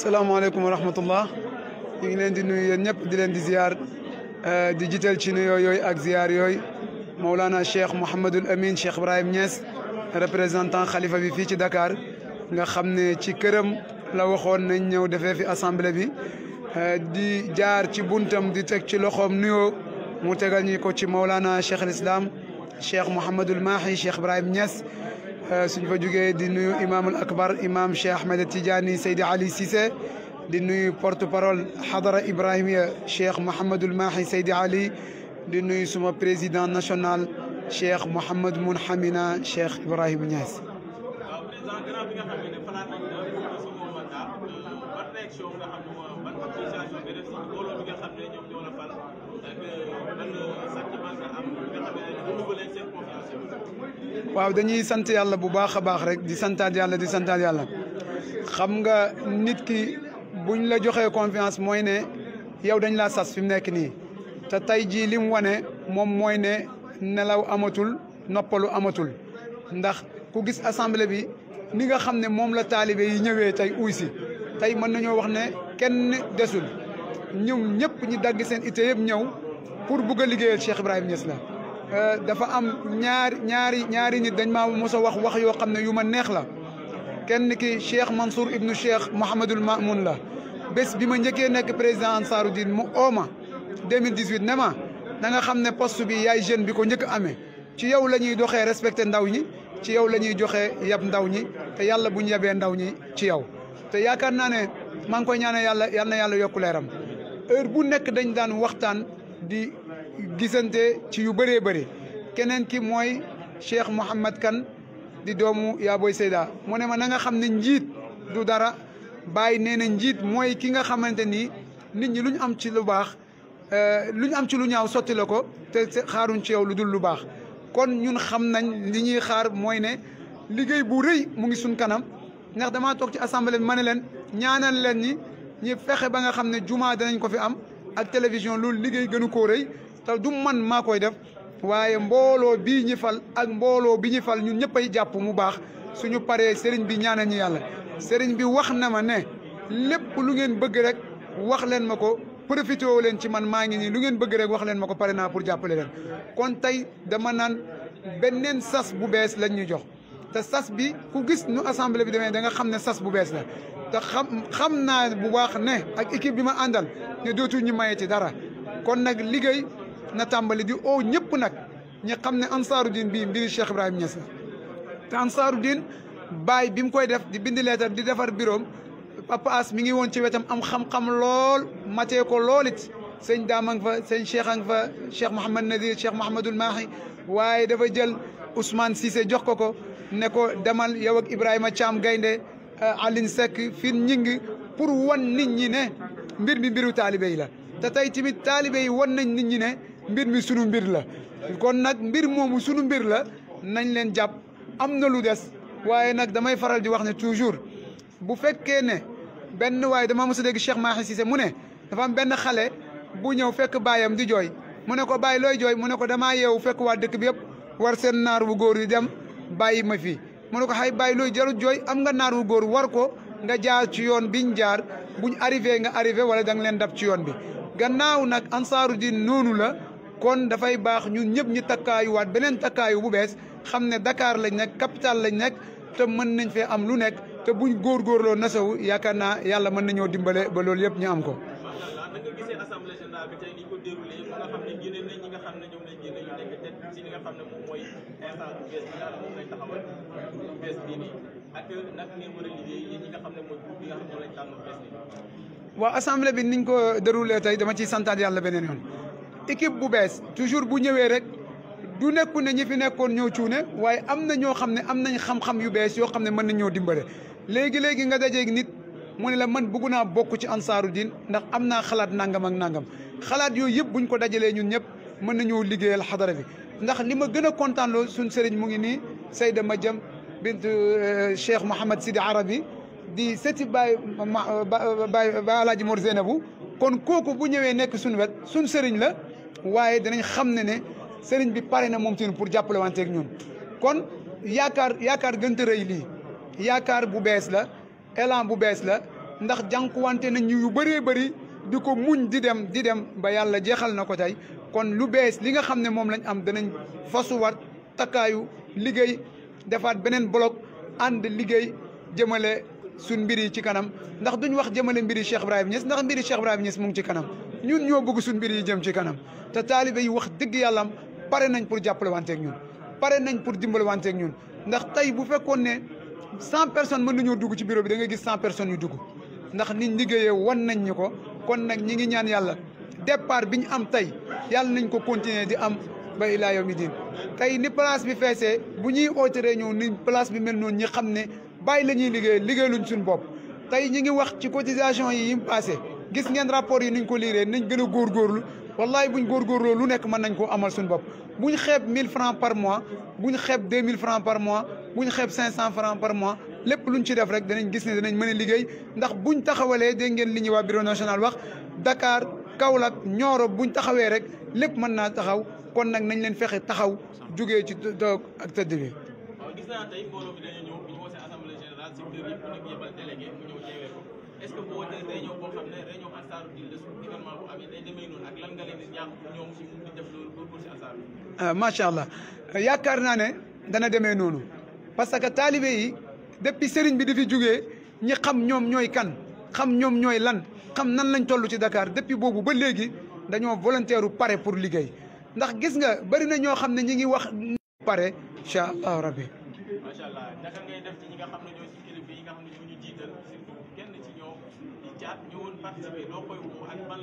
السلام عليكم ورحمة الله. ينن دي نيو نيب دي لن دي زيار ديجيتال شي نيو يوي اك زيار يوي مولانا الشيخ محمد الامين شيخ ابراهيم نياس ريبريزانتان خليفه بي في دكار nga xamne ci kërëm la waxon na ñew defé fi assemblée bi eh, di jaar ci buntam di tek ci loxom nuyo mu tégal آه، سيدي فا جوغي دي امام الاكبر امام شيخ احمد التجاني سيدي علي سيسي دي نوي بورتو بارول حضره ابراهيميه شيخ محمد الماحي سيدي علي دي نوي سوما بريزيدان ناسيونال شيخ محمد منحمنا شيخ ابراهيم نياس ولكن هذا waaw dañuy sant yàlla bu baax a baax rek di santaat yàlla di santaat yàlla xam nga nit ki buñ la joxe confiance mooy ne yow dañ laa sas fi mu nekk nii te tey jii li mu wane moom mooy ne nelaw amatul noppalu amatul ndax ku gis assamble bi ni nga xam ne moom la taalibe yi ñëwee tey uy si tey mën nañoo wax ne kenn desul ñoom ñëpp ñi dagg seen ité yëpp ñëw pour bugg a liggéeyal Cheikh Ibrahima Niass la dafa am ñaari ñaari ñaari nit dañ ma mos wax wax yo xamne yuma neex la kenn ki Cheikh Mansour ibnu Cheikh Mouhamadul Mamoun la bés bima ñeke nek président ansaruddin mu oma 2018 nema da nga xamne poste bi yaay jeune bi ko njëkk amé ci yow lañuy doxé respecté ndaw ñi ci yow lañuy joxé yab ndaw ñi te yàlla bu ñu ndaw ñi ci yow te yaakar na ne ma ngi koy ñaané yàlla yalla yàlla yokku leeram heure bu nek dañ daan waxtaan di gisante ci yu bëree bëri keneen ki mooy Cheikh Mouhamad Kan di doomu yaa booy Seyda mu ne ma na nga xam ne njiit du dara bàyyi nee na njiit mooy ki nga xamante ni nit ñi lu ñu am ci lu baax euh, lu ñu am ci lu ñaaw sottile ko te xaaruñ ci yow lu dul lu baax kon ñun xam nañ li ñuy xaar mooy ne liggéey bu rëy mu ngi suñ kanam ndax damaa toog ci assemblée bi ma ne leen ñaanal leen ñi ñi fexe ba nga xam ne jumaa danañ ko fi am ak télévision loolu liggéey gënu koo rëy te du man maa koy def waaye mbooloo bii ñi fal ak mbooloo bi ñi fal ñun ñëpp ay jàpp mu baax suñu paree sëriñ bi ñaanal ñu yàlla sëriñ bi wax na ma ne lépp lu ngeen bëgg rek wax leen ma ko profité wu leen ci man maa ngi nii lu ngeen bëgg rek wax leen ma ko pare naa pour jàppale leen kon tey dama naan beneen sas bu bees lañ ñu jox te sas bi ku gis nu assemblée bi demee da nga xam ne sas bu bees la te xam xam naa bu baax ne ak équipe bi ma àndal ne dootu ñu maye ci dara na tàmbali di oo ñëpp nag ñi xam ne ansaaru diin bii mbiri Cheikh Ibrahim Niass la te ansaaru diin baay bi mu koy def di bindi leetar di defar biroom papa as mi ngi woon ci wetam am xam-xam lool matee ko lool it sëñ daama nga fa sëñ Cheikh a nga fa Cheikh Mouhamad Nadir Cheikh Mouhamadul Mahi waaye dafa jël Ousmane Cissé jox ko ko ne ko demal yow ak Ibrahima Thiam Gaynde euh, Aline Seck fi ñing pour wan nit ñi ne mbir bi mbiru taalibe la te tey tamit taalibe wan nañ mbir mi sunu mbir la kon nag mbir moomu sunu mbir la nañ leen jàpp am na lu des waaye nag damay faral di wax ne toujours bu fekkee ne benn waaye dama mos a dégg Cheikh Mahi mu ne dafa benn xale bu ñëw fekk baayam di jooy mu ne ko bàyyi looy jooy mu ne ko damaa yeewu fekk waa dëkk bi yëpp war seen naar wu góor yi dem bàyyi ma fi mu ne ko xay bàyyi looy jarut jooy am nga wu góor war ko nga jaar ci yoon biñ jaar buñ arrivé nga arrivé wala da leen dab ci yoon bi gannaaw nag ansaaru noonu la kon dafay baax ñun ñëpp ñu takkaayuwaat beneen takkaayu bu bees xam ne dakaar lañ nekk capital lañ nekk te mën nañ fee am lu nekk te buñ góorgóorloo nasawu yaakaar naa yàlla mën nañoo dimbale ba loolu yëpp ñu am ko. waaw assemblée bi niñ ko déroulé tey dama ciy santaat yàlla beneen yoon. équipe bu bees toujours bu ñëwee rek du nekku ne ñi fi ñëw ñoo cuune waaye am na ñoo xam ne am nañ xam-xam yu bees yoo xam ne mën nañ ñoo dimbale léegi-léegi nga dajeeg nit mu ne la man bëgg naa bokk ci ansaaru diin ndax am naa xalaat nangam ak nangam xalaat yooyu yëpp buñ ko dajalee ñun ñëpp mën nañoo liggéeyal xadara bi ndax li ma gën a kontaan loolu suñ sëriñ mu ngi nii Sayda Madiam bint euh, Cheikh Mouhamad Sidi Arabi di seti baay baay Alaaji Mor Zeynabu kon kooku bu ñëwee nekk suñ wet suñ sëriñ la waaye danañ xam ne ne sëriñ bi pare na moom ci pour jàppale wanteeg ñun kon yaakaar yaakaar gënta rëy lii yaakaar bu bees la élan bu bees la ndax jànkuwante nañ ñu yu bëree bëri di ko muñ di dem di dem ba yàlla jeexal na ko tey kon lu bees li nga xam ne moom lañ am danañ fasuwaat takkaayu liggéey defaat beneen bloc ànd liggéey jëmale suñ mbir yi ci kanam ndax duñ wax jëmale mbiri Cheikh Ibrahima Niass ndax mbiri Cheikh Ibrahima Niass mu ngi ci kanam ñun ñoo bëgg suñ mbir yi jëm ci kanam te taalibe yi wax dëgg yàlla am pare nañ pour jàppale wanteeg ñun pare nañ pour dimbale wanteeg ñun ndax tey bu fekkoon ne cent personnes mën nañoo dugg ci biro bi da gis cent personnes yu dugg ndax niñ liggéeyee wan nañ ñu ko kon nag ñi ngi ñaan yàlla départ bi ñu am tey yàlla nañ ko continuer di am ba ilaa yawmi diin tey ni place bi feesee bu ñuy oote réunion ni place bi mel noonu ñi xam ne bàyyi la ñuy liggéey liggéey luñ suñu bopp tey ñi ngi wax ci cotisation yi yi gis ngeen rapport yi niñ ko liiree nañ gën a góorgóorlu wallaay buñ góorgóorloo lu nekk mën nañ ko amal suñu bopp buñ xeeb 1000 francs par mois buñ xeeb 2000 francs par mois buñ xeeb 500 francs par mois lépp luñ ci def rek danañ gis ne danañ mën a liggéey ndax buñ taxawalee dégg ngeen li ñuy waa bureau national wax Dakar Kaolack Nioro buñ taxawee rek lépp mën naa taxaw kon nag nañ leen fexe taxaw jugee ci toog ak tëdd bi. gis naa tey mbooloo bi dañu ñëw ñu woote assemblée générale secteur yëpp nag yebal délégué mu ñëw est ah, macha allah yaakaar naa ne dana deme noonu parce que taalibe yi depuis sëriñ bi di fi jugee ñi xam ñoom ñooy kan xam ñoom ñooy lan xam nan lañ toll ci Dakar depuis boobu ba léegi dañoo volontaire pare pour liggéey ndax gis nga bari na ñoo xam ne ñi ngi wax pare incha allah rabbi. yaa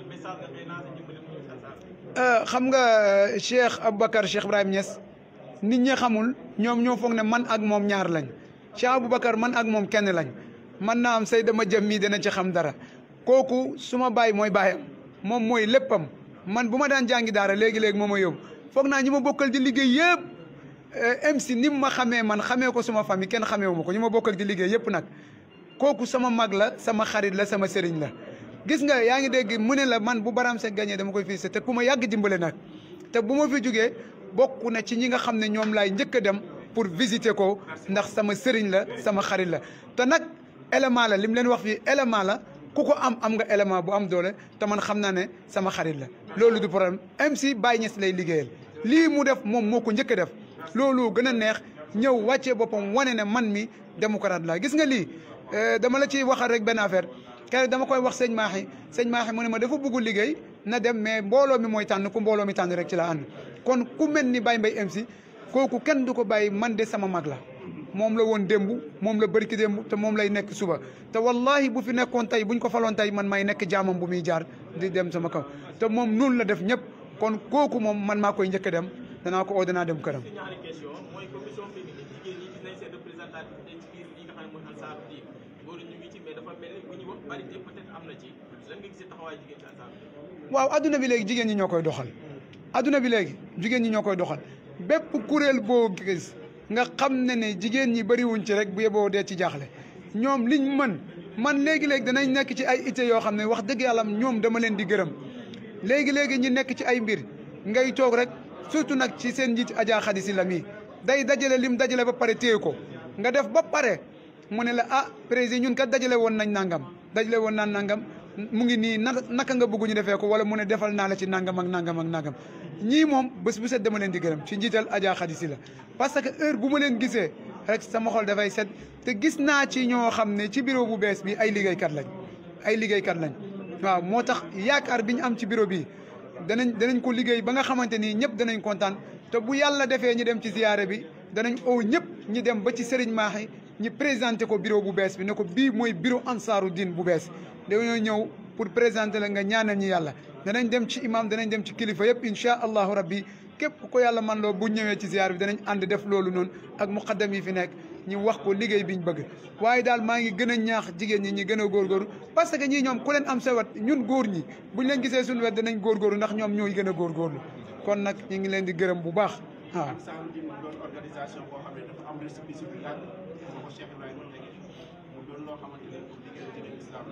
euh, xam nga euh, Cheikh Aboubacar Cheikh Ibrahim Niass nit ñi xamul ñoom ñoo foog ne man ak moom ñaar lañ Cheikh Aboubacar man ak moom kenn lañ man naa am say dama jëm mii dana ci xam dara kooku su ma bàyyi mooy bàyyam moom mooy léppam man bu ma daan jàngi daara léegi-léegi moom ma yóbbu foog naa ñu ma bokkal di liggéey yëpp euh, MC ni mu ma xamee man xamee ko suma famille kenn xamee wu ko ñu ma bokkal di liggéey yëpp nag kooku sama mag la sama xarit la sama sëriñ la gis nga yaa ngi dégg mu ne la man bu Barham Seck dama koy félicité te ku ma yàgg dimbale nag te bu ma fi jógee bokk na ci ñi nga xam ne ñoom lay njëkk a dem pour visiter ko ndax sama sëriñ la sama xarit la te nag élément la li mu leen wax fii élément la ku ko am am nga élément bu am doole te man xam naa ne sama xarit la loolu du problème MC Baye Niass lay liggéeyal lii mu def moom moo ko njëkk a def loolu gën a neex ñëw wàccee boppam wane ne man mi démocrate laa gis nga lii Eh, dama la ciy waxal rek benn affaire kenn dama koy wax sëñ Maaxi sëñ Maaxi ma ne ma dafa bugg liggéey na dem mais mbooloo mi mooy tànn ku mbooloomi mi tànn rek ci la ànd kon ku mel ni Baye Mbaye MC kooku kenn du ko bàyyi man de sama mag la moom la woon démb moom la bërki démb te moom lay nekk suba te wallahi bu fi nekkoon tey buñ ko faloon tey man may nekk jaamam bu muy jaar di dem sama kaw te moom noonu la def ñëpp kon kooku moom man maa koy njëkk a dem danaa ko danaa dem këram waaw adduna bi léegi jigéen ñi ñoo koy doxal adduna bi léegi jigéen ñi ñoo koy doxal bépp kuréel boo gis nga xam ne ne jigéen ñi bariwuñ ci rek bu yeboo dee ci jaaxle ñoom liñ mën man léegi-léegi danañ nekk ci ay ité yoo xam ne wax dëgg yàlla ñoom dama leen di gërëm léegi-léegi ñi nekk ci ay mbir ngay toog rek surtout nag ci seen njiit Adja Khady la mi day dajale lim dajale ba pare téye ko nga def ba pare mu ne la ah président ñun kat dajale woon nañ nangam dajale woon naan nangam mu ngi nii naka naka nga bëgg ñu defee ko wala mu ne defal naa la ci nangam ak nangam ak ñii moom bés bu set dama leen di gërëm ci njiital Adja Khady la parce que heure bu ma leen gisee rek sama xol dafay set te gis naa ci ñoo xam ne ci bureau bu bees bi ay liggéeykat lañ ay liggéeykat lañ waaw moo tax yaakaar bi ñu am ci biro bi danañ danañ ko liggéey ba nga xamante ni ñëpp danañ kontaan te bu yàlla defee ñu dem ci ziyaare bi danañ ow ñëpp ñi dem ba ci Serigne Mahi ñi présenté ko bureau bu bees bi ne ko bii mooy bureau ansaaru diin bu bees dañoo ñëw pour présenter la nga ñaanal ñi yàlla danañ dem ci imam danañ dem ci kilifa yëpp incha allahu rabbi képp ko yàlla man loo bu ñëwee ci ziar bi danañ ànd def loolu noonu ak muqaddam yi fi nekk ñu wax ko liggéey bi ñu bëgg waaye daal maa ngi gën a ñaax jigéen ñi ñi gën a góorgóorlu parce que ñii ñoom ku leen am sa ñun góor ñi buñ leen gisee suñu wet danañ góorgóorlu ndax ñoom ñooy gën a góorgóorlu kon nag ñu ngi leen di gërëm bu baax waaw na ko Cheikh Ibrahima tege mu doon loo xamante ne pour liggéeyal diine islam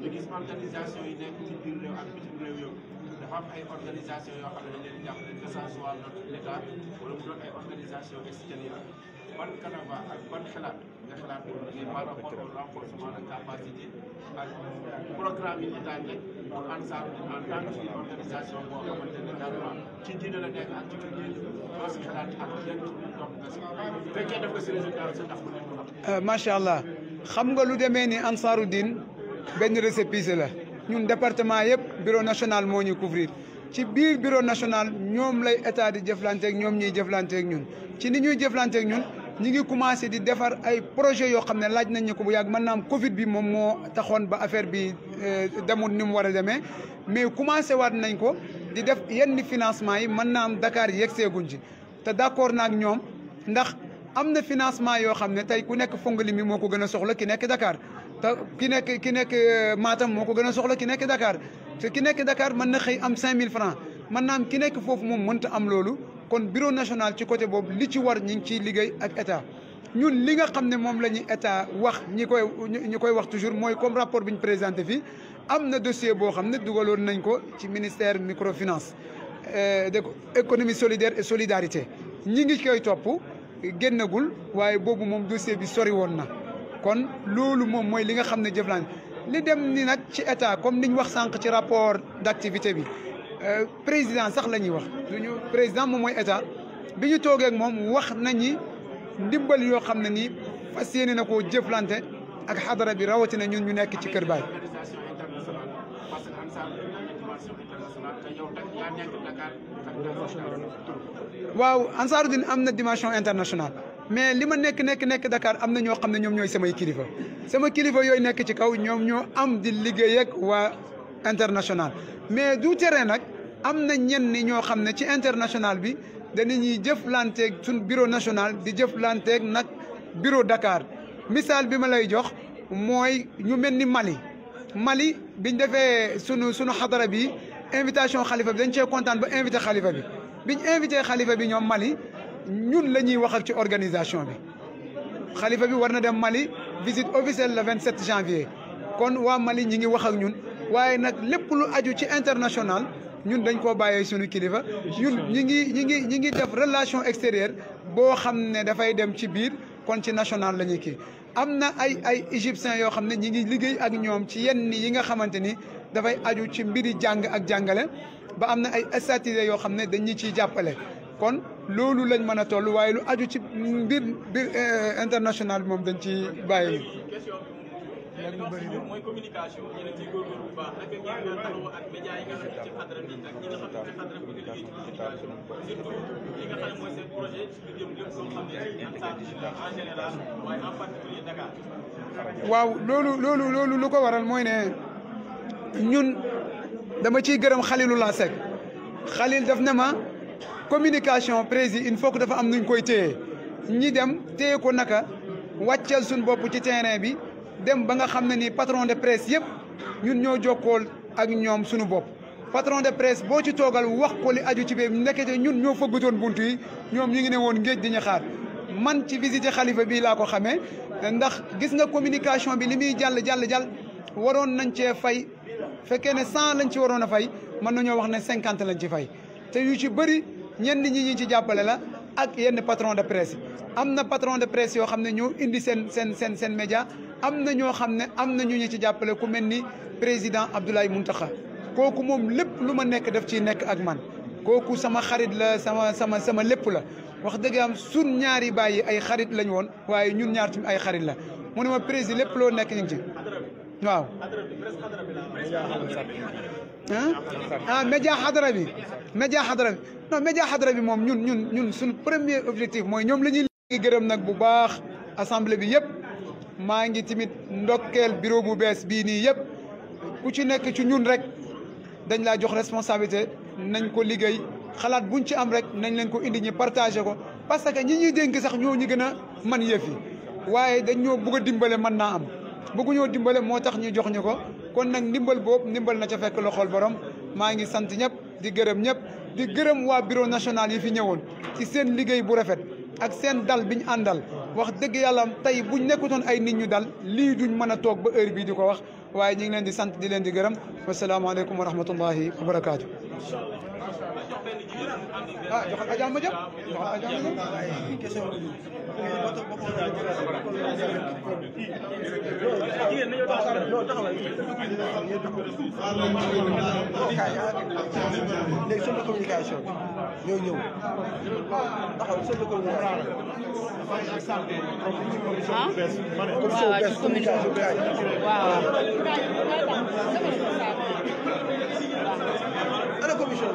ñu gis organisation yi nekk ci biir réew ak bitim réew yow dafa am ay organisation yoo xam ne dañ leen jàppale que ça soit notre l'État wala mu doon ay organisation extérieure ban kanava euh, allah xam nga lu demee ni ansaaru diin benn récépissé la ñun département yëpp bureau national moo ñu couvrir ci biir bureau national ñoom lay état di jëflanteeg ñoom ñuy jëflanteeg ñun ci ni ñuy jëflanteeg ñun ñi ngi commencé di defar ay projet yoo xam ne laaj nañ ñu ko bu yàgg mën naa am Covid bi moom moo taxoon ba affaire bi euh, demul ni mu war a demee mais commencé waat nañ ko di def yenn financement yi mën naa am Dakar yegseeguñ ci te d'accord naag ñoom ndax am na financement yoo xam ne tey ku nekk Fongolimbi moo ko gën a soxla ki nekk Dakar te ki nekk ki nekk euh, Matam moo ko gën a soxla ki nekk Dakar te ki nekk Dakar mën na xëy am mille francs mën naa ki nekk foofu moom mënta am loolu kon bureau national ci côté boobu li ci war ñi ngi ciy liggéey ak état ñun li nga xam ne moom la ñu état wax ñi koy ñi koy wax toujours mooy comme rapport bi ñu présenté fi am na dossier boo xam ne dugaloon nañ ko ci ministère microfinance euh, de économie solidaire et solidarité ñi ngi koy topp génnagul waaye boobu moom dossier bi sori woon na kon loolu moom mooy li nga xam ne jëflante li dem ni nag ci état comme niñ wax sànq ci rapport d' activité bi président sax la wax suñu président moom mooy état bi ñu ak mom wax nañi dimbal yo xamna ni fasiyene nako jëflante ak hadra bi rawati na ñun ñu nekk ci Kër Baay. waaw ansaruddin amna dimension international mais lima ma nekk nekk nekk Dakar amna ño ñoo ñom ñoy sama kilifa sama kilifa yoy nekk ci kaw ñom ño am di liggéey ak wa international mais du tere nag am na ñenn ñoo xam ne ci international bi danañuy jëflanteeg suñ bureau national di jëflanteeg nag bureau dakaar misaal bi ma lay jox mooy ñu mel ni Mali Mali biñ defee sunu sunu xadara bi invitation xalifa bi dañ cee kontaan ba invité xalifa bi biñ invité xalifa bi ñoom Mali ñun la ñuy wax ci organisation bi xalifa bi war na dem Mali visite officielle le 27 janvier kon waa Mali ñi ngi wax ak ñun waaye nag lépp lu aju ci international ñun dañ koo bàyyee suñu kilifa ñun ñi ngi ñi ngi ñi ngi def relation extérieure boo xam ne dafay dem ci biir kon ci national la ñuy kii am na ay ay égyptiens yoo xam ne ñi ngi liggéey ak ñoom ci yenn yi nga xamante ni dafay aju ci mbiri jàng ak jàngale ba am na ay statut yoo xam ne dañu ci jàppale kon loolu lañ mën a toll waaye lu aju ci mbir mbir euh, international bi moom dañ ci bàyyi léegi ñu waaw loolu loolu loolu lu ko waral mooy ne ñun dama ciy gërëm Xalilu laa Seck Xalil daf ne ma communication prési il faut dafa am nuñ koy téye ñi dem téye ko naka wàccal sunu bopp ci terrain bi. dem ba nga xam ne nii patron de presse yëpp ñun ñoo jokkool ak ñoom suñu bopp patron de presse boo ci toogal wax ko li aju ci biir ndekete ñun ñoo fëggatoon bunt yi ñoom ñu ngi ne woon géej di ñu xaar man ci visite xalifa bii laa ko xamee ndax gis nga communication bi li muy jàll jàll jàll waroon nañ cee fay fekkee ne cent lañ ci waroon a fay mën nañoo wax ne cinquante lañ ci fay te yu ci bëri ñenn ñi ñu ci jàppale la ak yenn patron de presse am na patron de presse yoo xam ne ñoo indi seen seen seen seen média am na ñoo xam ne am na ñu ñu ci jàppale ku mel ni président Abdoulaye Mountakha kooku moom lépp lu ma nekk def ci nekk ak man kooku sama xarit la sama sama sama lépp la wax dëgg am sun ñaari bàyyi ay xarit lañ woon waaye ñun ñaar tamit ay xarit la mu ne ma président lépp loo nekk ñu ngi waaw ah média xadara bi média xadara bi média xadara bi moom ñun ñun ñun suñu premier objectif mooy ñoom la ñuy ngi gërëm nag bu baax assemblée bi yëpp maa ngi tamit ndokkeel bureau bu bees bii nii yëpp ku ci nekk ci ñun rek dañ laa jox responsabilité nañ ko liggéey xalaat buñ ci am rek nañ lañ ko indi ñu partagé ko parce que ñi ñuy dénk sax ñoo ñu gën a man yëf waaye dañ ñoo bëgg dimbale mën naa am bëgguñoo dimbale moo tax ñu jox ñu ko kon nak ndimbal boobu ndimbal na ca fekk lo xol borom ma ngi sant ñep di gërëm ñep di gërëm wa bureau national yi fi ñëwoon ci seen liggéey bu rafet ak seen dal biñ àndal wax deug yàlla tay buñ nekkuton ay nit ñu dal li duñ mëna tok ba heure bi diko wax waye ñi ngi leen di sant di leen di gërëm alaykum wa rahmatullahi wa barakaatu. ah joxal ajaam ma jëm joxal léegi seen communication bi ñoo ñëw taxaw seen communication waaw ci commune waaw ana commission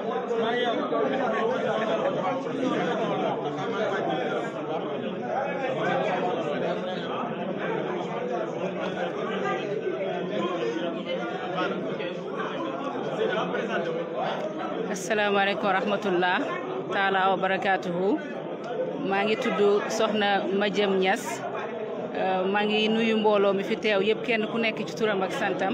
assalaamu aleykum wa taala wa barakatuhu maa ngi tudd soxna Madiame Niass eh, maa ngi nuyu mbooloo mi fi teew yëpp kenn ku nekk ci turam ak santam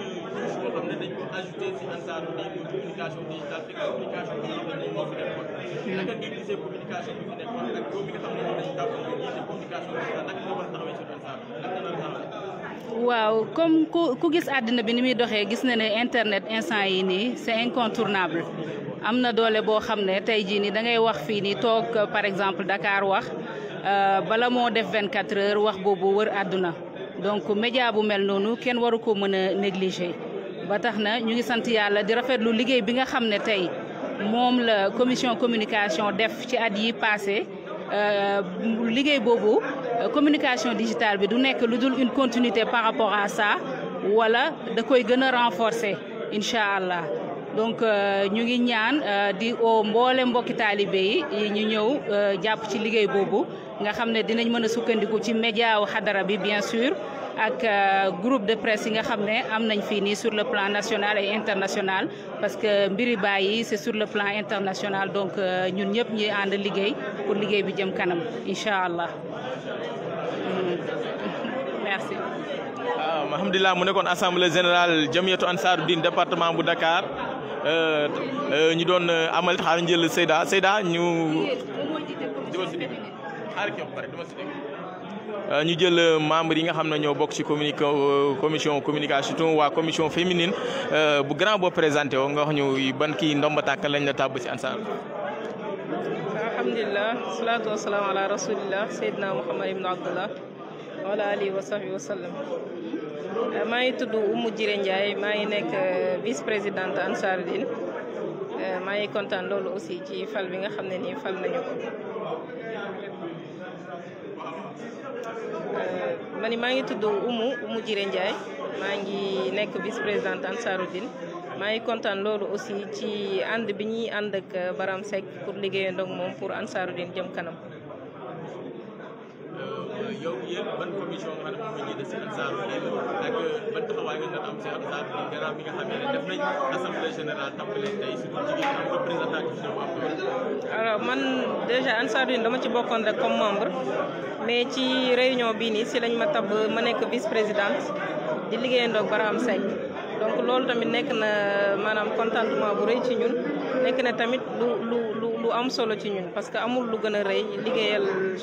ajouté si Ansaaru nii muy communication digitale te communication bi nga xam ne moo fi nekkoon naka communication bi fi nekkoon ak yow mi nga xam ne moom lañ jàpp communication digitale naka nga war a taxawee sur Ansaaru naka comme ku ku gis àddina bi ni muy doxee gis na né internet instant yi ni c'est incontournable amna na doole boo xam ne tey jii da ngay wax fi ni tok par exemple Dakar wax euh bala mo def 24 heures wax bobu wër aduna donc média bu mel nonu ken waru ko mën négliger ba tax na ñu ngi sant yàlla di rafetlu liggéey bi nga xam ne tey la commission communication def ci at yi passé euh, liggéey boobu euh, communication digitale bi du nekk lu une continuité par rapport à ça wala da koy gën renforcer inshallah donc euh, ñu ngi ñaan di o mboole mbokki taalibe yi ñu ñëw jàpp ci liggéey boobu nga xam ne dinañ mën sukkandiku ci média wu xadara bi bien sûr ak groupe de presse yi nga xamné am sur le plan national et international parce que mbiri c'est sur le plan international donc ñun ñëpp ñuy and liguey pour liguey bi jëm kanam inshallah merci. waaw mu nekkoon assemblée générale jamiyatu Ansar, diin département bu Dakar ñu don amal xaar le Seyda Seyda ñu. Euh, ñu jël euh, membre yi nga xam ne ñoo bokk ci communi euh, commission communication waa commission féminine bu grand boo présenté woo nga wax ñu ban kii ndomba tàkk lañ la tàbb ci Ansar. alhamdulilah salaatu wa salaam ala rasulillah Seydina Muhammad ibn Abdullah wa ala alihi wa sahbihi wa sallam. maa ngi tudd Oumou Jiré Ndiaye maa ngi nekk vice présidente Ansar Dine maa ngi kontaan loolu aussi ci fal bi nga xam ne nii fal nañu mani maa ngi Umu Umu Jire Ndiaye maa ngi nekk vice présidente Ansaroudine maa ngi kontaan loolu aussi ci ànd bi ñuy ànd ak Baram sek pour liggéeyandoo ak moom pour jëm kanam. Euh, yow yéen ban commission nga xam ne ñu si Ansaroudine ak ban taxawaay nga am si nga xam ne def nañ assemblée man déjà dama ci bokkoon rek comme mais ci réunion bi ni ci lañ ma tab ma nek vice présidente di liggéeyandoog baram Seck donc loolu tamit nek na manam contentement bu reuy ci ñun nek na tamit lu lu lu lu am solo ci ñun parce que amul lu gëna reuy rëy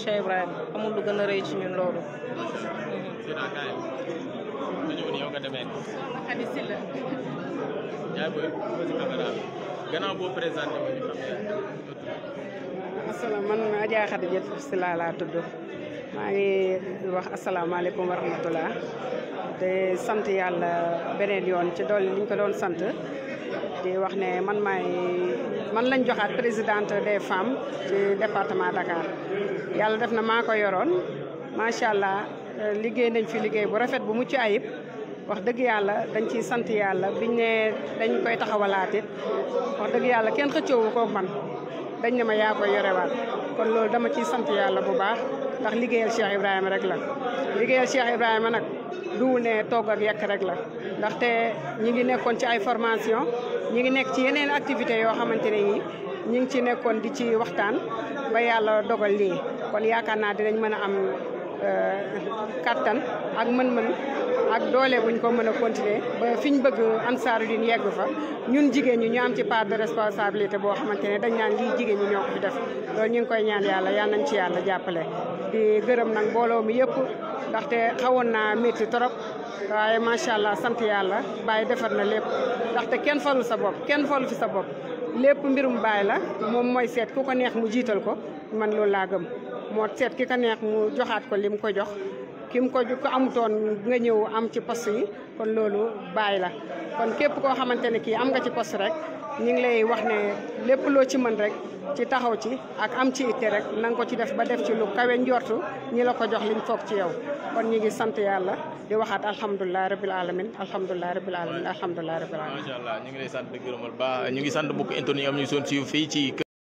Cheikh ibrahim amul lu gëna reuy ci ñun loolu. Assalamualaikum boo présenté maa ngi wax asalaamaaleykum wa rahmatullah te sant yàlla beneen yoon ci dool liñ ko doon sant di wax ne man maay man lañ joxaat présidente des femmes ci département Dakar yàlla def na maa ko yoroon macha allah euh, liggéey nañ fi liggéey bu rafet bu mucc ayib wax dëgg yàlla dañ ciy sant yàlla biñ ne dañ koy taxawalaat it wax dëgg yàlla kenn xëccoowu koog man dañ ne ma yaa koy yorewaat kon loolu dama ciy sant yàlla bu baax ndax liggéeyal Cheikh Ibrahima rek la liggéeyal Cheikh Ibrahima nag duwu ne togg ak yekk rek la ndaxte ñi ngi nekkoon ci ay formation ñi ngi nekk ci yeneen activité yoo xamante ne ñi ñi ngi ci nekkoon di ci waxtaan ba yàlla dogal lii kon yaakaar naa dinañ mën a am euh, kattan ak mën-mën ak doole buñ ko mën a continuer ba fi ñu bëgg Ansaarud-Din yegg fa ñun jigéen ñi ñu am ci part de responsabilité boo xamante ne dañ naan lii jigéen ñi ñoo ko fi ñu ngi koy ñaan yàlla yal nañ ci yàlla jàppale di gërëm nag mbooloo mi yëpp ndaxte xawoon naa métti trop waaye macha allah sant yàlla Baye defar na lépp ndaxte kenn falu sa bopp kenn falu fi sa bopp lépp mbirum Baye la moom mooy seet ku ko neex mu jiital ko man loolu laa gëm moo seet ki ko neex mu joxaat ko li mu ko jox ki mu ko ko amutoon nga ñëw am ci post yi kon loolu Baye la kon képp koo xamante ne kii am nga ci post rek ñu ngi lay lépp loo ci man rek ci taxaw ci ak am ci itte rek na ko ci def ba def ci lu kawe njortu ñi la ko jox liñ foog ci yow kon ñu ngi sant yàlla di waxaat alhamdulilah rabil alamin alhamdulilah rabil alamin alhamdulilah allah ñu sant di gërëmal ba am ñu soon ci fii ci